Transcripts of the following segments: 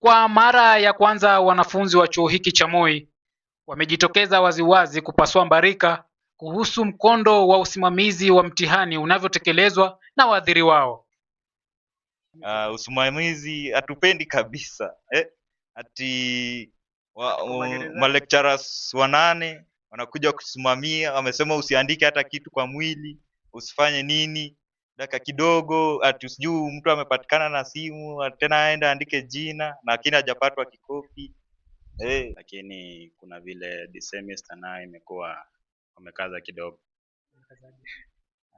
Kwa mara ya kwanza wanafunzi wa chuo hiki cha Moi wamejitokeza waziwazi kupasua mbarika kuhusu mkondo wa usimamizi wa mtihani unavyotekelezwa na waadhiri wao. Uh, usimamizi hatupendi kabisa eh? Ati wa, um, malecturers wanane wanakuja kusimamia, wamesema usiandike hata kitu kwa mwili, usifanye nini dakika kidogo, ati sijuu mtu amepatikana na simu tena aende aandike jina, lakini hajapatwa kikopi eh. Lakini kuna vile semester nayo imekuwa wamekaza kidogo uh,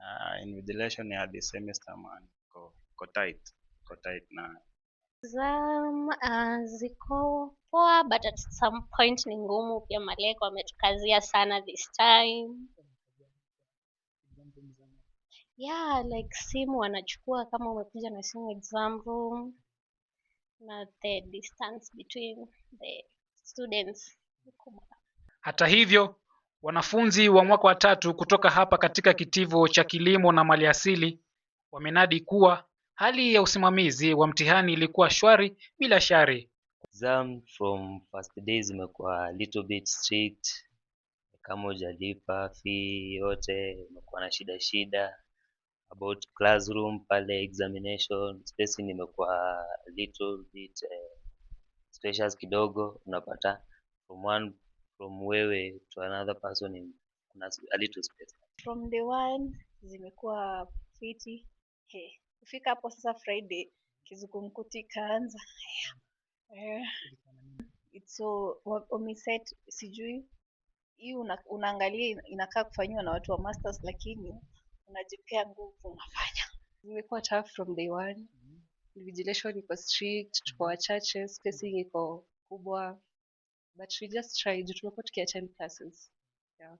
ah, invigilation ya the semester man ko, ko tight ko tight na Zam, uh, ziko poa but at some point ni ngumu pia. Maleko ametukazia sana this time. Yeah, like simu wanachukua kama umekuja na simu exam room na the distance between the students. Hata hivyo, wanafunzi wa mwaka wa tatu kutoka hapa katika kitivo cha kilimo na maliasili wamenadi kuwa hali ya usimamizi wa mtihani ilikuwa shwari bila shari. Exam from first day zimekuwa little bit strict, kama hujalipa fee yote imekuwa na shida shida about classroom pale examination space imekuwa little bit eh, spacious kidogo, unapata from one from wewe to another person in a little space. From the one zimekuwa fiti he kufika hapo sasa, Friday kizungumkuti kaanza yeah. Eh, so wameset sijui hii unaangalia inakaa kufanywa na watu wa masters lakini unajipea nguvu unafanya. Zimekuwa tough from day one. Mm-hmm. Vigilation iko strict, tuko mm-hmm. wachache, spacing iko kubwa but we just tried tumekuwa tukiattend classes. Yeah.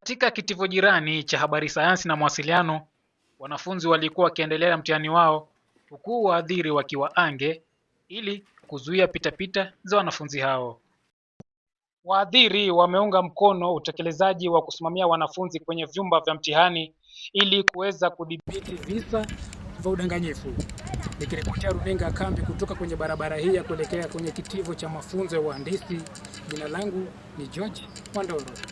Katika kitivo jirani cha habari, sayansi na mawasiliano, wanafunzi walikuwa wakiendelea mtihani wao huku waadhiri wakiwa ange ili kuzuia pitapita za wanafunzi hao. Wahadhiri wameunga mkono utekelezaji wa kusimamia wanafunzi kwenye vyumba vya mtihani ili kuweza kudhibiti visa vya udanganyifu. Nikiripotia Runinga Kambi kutoka kwenye barabara hii ya kuelekea kwenye kitivo cha mafunzo ya uhandisi, jina langu ni George Wandoro.